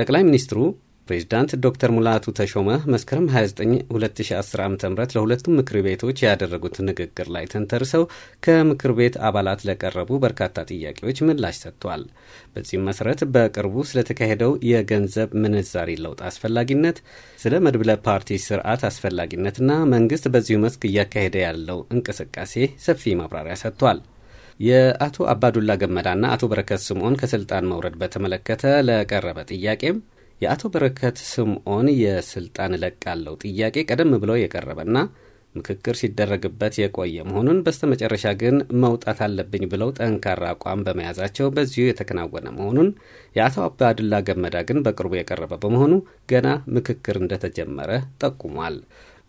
ጠቅላይ ሚኒስትሩ ፕሬዚዳንት ዶክተር ሙላቱ ተሾመ መስከረም 29 2010 ዓ ም ለሁለቱም ምክር ቤቶች ያደረጉት ንግግር ላይ ተንተርሰው ከምክር ቤት አባላት ለቀረቡ በርካታ ጥያቄዎች ምላሽ ሰጥቷል። በዚህም መሰረት በቅርቡ ስለተካሄደው የገንዘብ ምንዛሪ ለውጥ አስፈላጊነት፣ ስለ መድብለ ፓርቲ ስርዓት አስፈላጊነትና መንግስት በዚሁ መስክ እያካሄደ ያለው እንቅስቃሴ ሰፊ ማብራሪያ ሰጥቷል። የአቶ አባዱላ ገመዳና አቶ በረከት ስምዖን ከስልጣን መውረድ በተመለከተ ለቀረበ ጥያቄም የአቶ በረከት ስምዖን የስልጣን እለቃለሁ ጥያቄ ቀደም ብሎ የቀረበና ምክክር ሲደረግበት የቆየ መሆኑን በስተመጨረሻ ግን መውጣት አለብኝ ብለው ጠንካራ አቋም በመያዛቸው በዚሁ የተከናወነ መሆኑን የአቶ አባዱላ ገመዳ ግን በቅርቡ የቀረበ በመሆኑ ገና ምክክር እንደተጀመረ ጠቁሟል።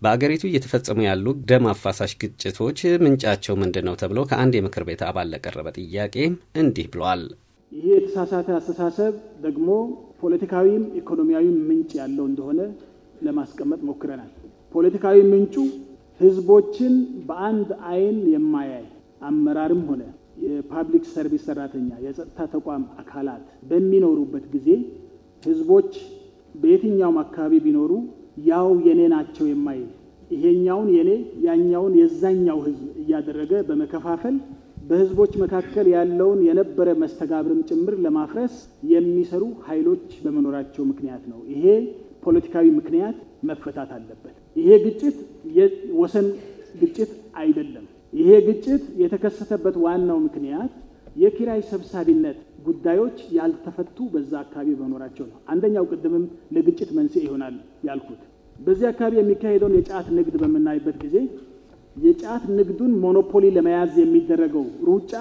በአገሪቱ እየተፈጸሙ ያሉ ደም አፋሳሽ ግጭቶች ምንጫቸው ምንድን ነው ተብሎ ከአንድ የምክር ቤት አባል ለቀረበ ጥያቄ እንዲህ ብለዋል። ይህ የተሳሳተ አስተሳሰብ ደግሞ ፖለቲካዊም ኢኮኖሚያዊም ምንጭ ያለው እንደሆነ ለማስቀመጥ ሞክረናል። ፖለቲካዊ ምንጩ ህዝቦችን በአንድ አይን የማያይ አመራርም ሆነ የፓብሊክ ሰርቪስ ሰራተኛ፣ የጸጥታ ተቋም አካላት በሚኖሩበት ጊዜ ህዝቦች በየትኛውም አካባቢ ቢኖሩ ያው የኔ ናቸው የማይል ይሄኛውን የኔ ያኛውን የዛኛው ህዝብ እያደረገ በመከፋፈል በህዝቦች መካከል ያለውን የነበረ መስተጋብርም ጭምር ለማፍረስ የሚሰሩ ኃይሎች በመኖራቸው ምክንያት ነው። ይሄ ፖለቲካዊ ምክንያት መፈታት አለበት። ይሄ ግጭት የወሰን ግጭት አይደለም። ይሄ ግጭት የተከሰተበት ዋናው ምክንያት የኪራይ ሰብሳቢነት ጉዳዮች ያልተፈቱ በዛ አካባቢ በመኖራቸው ነው። አንደኛው ቅድምም ለግጭት መንስኤ ይሆናል ያልኩት በዚህ አካባቢ የሚካሄደውን የጫት ንግድ በምናይበት ጊዜ የጫት ንግዱን ሞኖፖሊ ለመያዝ የሚደረገው ሩጫ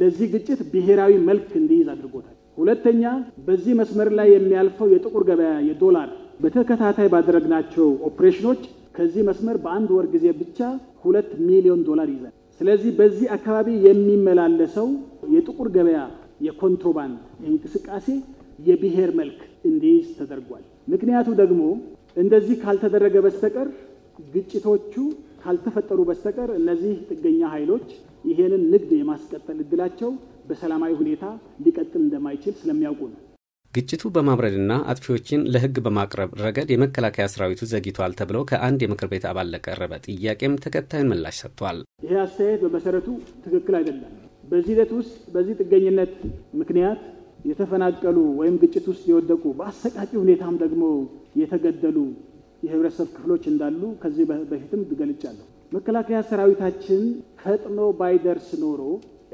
ለዚህ ግጭት ብሔራዊ መልክ እንዲይዝ አድርጎታል። ሁለተኛ፣ በዚህ መስመር ላይ የሚያልፈው የጥቁር ገበያ የዶላር በተከታታይ ባደረግናቸው ኦፕሬሽኖች ከዚህ መስመር በአንድ ወር ጊዜ ብቻ ሁለት ሚሊዮን ዶላር ይዛል። ስለዚህ በዚህ አካባቢ የሚመላለሰው የጥቁር ገበያ የኮንትሮባንድ እንቅስቃሴ የብሔር መልክ እንዲይዝ ተደርጓል። ምክንያቱ ደግሞ እንደዚህ ካልተደረገ በስተቀር ግጭቶቹ ካልተፈጠሩ በስተቀር እነዚህ ጥገኛ ኃይሎች ይሄንን ንግድ የማስቀጠል እድላቸው በሰላማዊ ሁኔታ ሊቀጥል እንደማይችል ስለሚያውቁ ነው። ግጭቱ በማብረድና አጥፊዎችን ለሕግ በማቅረብ ረገድ የመከላከያ ሰራዊቱ ዘግይቷል ተብሎ ከአንድ የምክር ቤት አባል ለቀረበ ጥያቄም ተከታዩን ምላሽ ሰጥቷል። ይሄ አስተያየት በመሰረቱ ትክክል አይደለም። በዚህ ሂደት ውስጥ በዚህ ጥገኝነት ምክንያት የተፈናቀሉ ወይም ግጭት ውስጥ የወደቁ በአሰቃቂ ሁኔታም ደግሞ የተገደሉ የህብረተሰብ ክፍሎች እንዳሉ ከዚህ በፊትም ገልጫለሁ። መከላከያ ሰራዊታችን ፈጥኖ ባይደርስ ኖሮ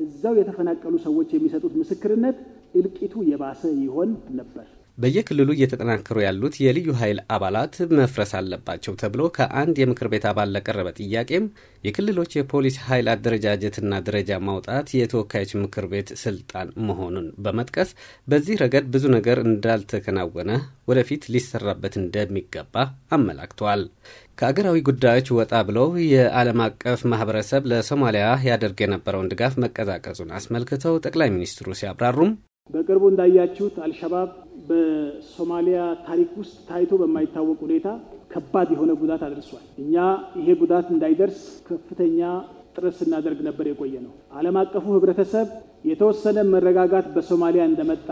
እዛው የተፈናቀሉ ሰዎች የሚሰጡት ምስክርነት እልቂቱ የባሰ ይሆን ነበር። በየክልሉ እየተጠናከሩ ያሉት የልዩ ኃይል አባላት መፍረስ አለባቸው ተብሎ ከአንድ የምክር ቤት አባል ለቀረበ ጥያቄም የክልሎች የፖሊስ ኃይል አደረጃጀትና ደረጃ ማውጣት የተወካዮች ምክር ቤት ስልጣን መሆኑን በመጥቀስ በዚህ ረገድ ብዙ ነገር እንዳልተከናወነ ወደፊት ሊሰራበት እንደሚገባ አመላክተዋል። ከአገራዊ ጉዳዮች ወጣ ብሎ የዓለም አቀፍ ማህበረሰብ ለሶማሊያ ያደርግ የነበረውን ድጋፍ መቀዛቀዙን አስመልክተው ጠቅላይ ሚኒስትሩ ሲያብራሩም በቅርቡ እንዳያችሁት አልሸባብ በሶማሊያ ታሪክ ውስጥ ታይቶ በማይታወቅ ሁኔታ ከባድ የሆነ ጉዳት አድርሷል። እኛ ይሄ ጉዳት እንዳይደርስ ከፍተኛ ጥረት ስናደርግ ነበር የቆየ ነው። ዓለም አቀፉ ህብረተሰብ የተወሰነ መረጋጋት በሶማሊያ እንደመጣ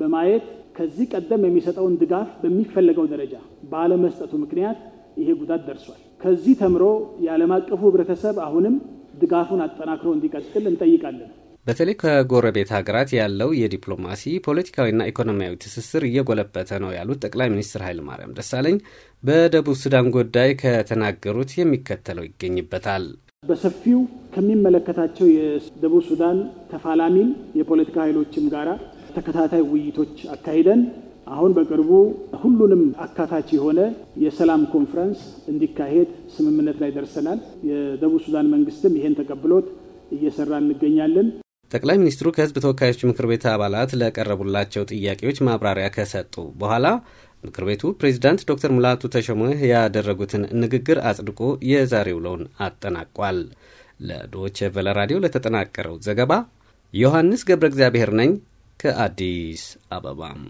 በማየት ከዚህ ቀደም የሚሰጠውን ድጋፍ በሚፈለገው ደረጃ ባለመስጠቱ ምክንያት ይሄ ጉዳት ደርሷል። ከዚህ ተምሮ የዓለም አቀፉ ህብረተሰብ አሁንም ድጋፉን አጠናክሮ እንዲቀጥል እንጠይቃለን። በተለይ ከጎረቤት ሀገራት ያለው የዲፕሎማሲ ፖለቲካዊና ኢኮኖሚያዊ ትስስር እየጎለበተ ነው ያሉት ጠቅላይ ሚኒስትር ኃይለማርያም ደሳለኝ በደቡብ ሱዳን ጉዳይ ከተናገሩት የሚከተለው ይገኝበታል። በሰፊው ከሚመለከታቸው የደቡብ ሱዳን ተፋላሚም የፖለቲካ ኃይሎችም ጋራ ተከታታይ ውይይቶች አካሂደን አሁን በቅርቡ ሁሉንም አካታች የሆነ የሰላም ኮንፈረንስ እንዲካሄድ ስምምነት ላይ ደርሰናል። የደቡብ ሱዳን መንግስትም ይሄን ተቀብሎት እየሰራ እንገኛለን። ጠቅላይ ሚኒስትሩ ከህዝብ ተወካዮች ምክር ቤት አባላት ለቀረቡላቸው ጥያቄዎች ማብራሪያ ከሰጡ በኋላ ምክር ቤቱ ፕሬዚዳንት ዶክተር ሙላቱ ተሾመ ያደረጉትን ንግግር አጽድቆ የዛሬ ውሎውን አጠናቋል። ለዶች ቨለ ራዲዮ ለተጠናቀረው ዘገባ ዮሐንስ ገብረ እግዚአብሔር ነኝ ከአዲስ አበባም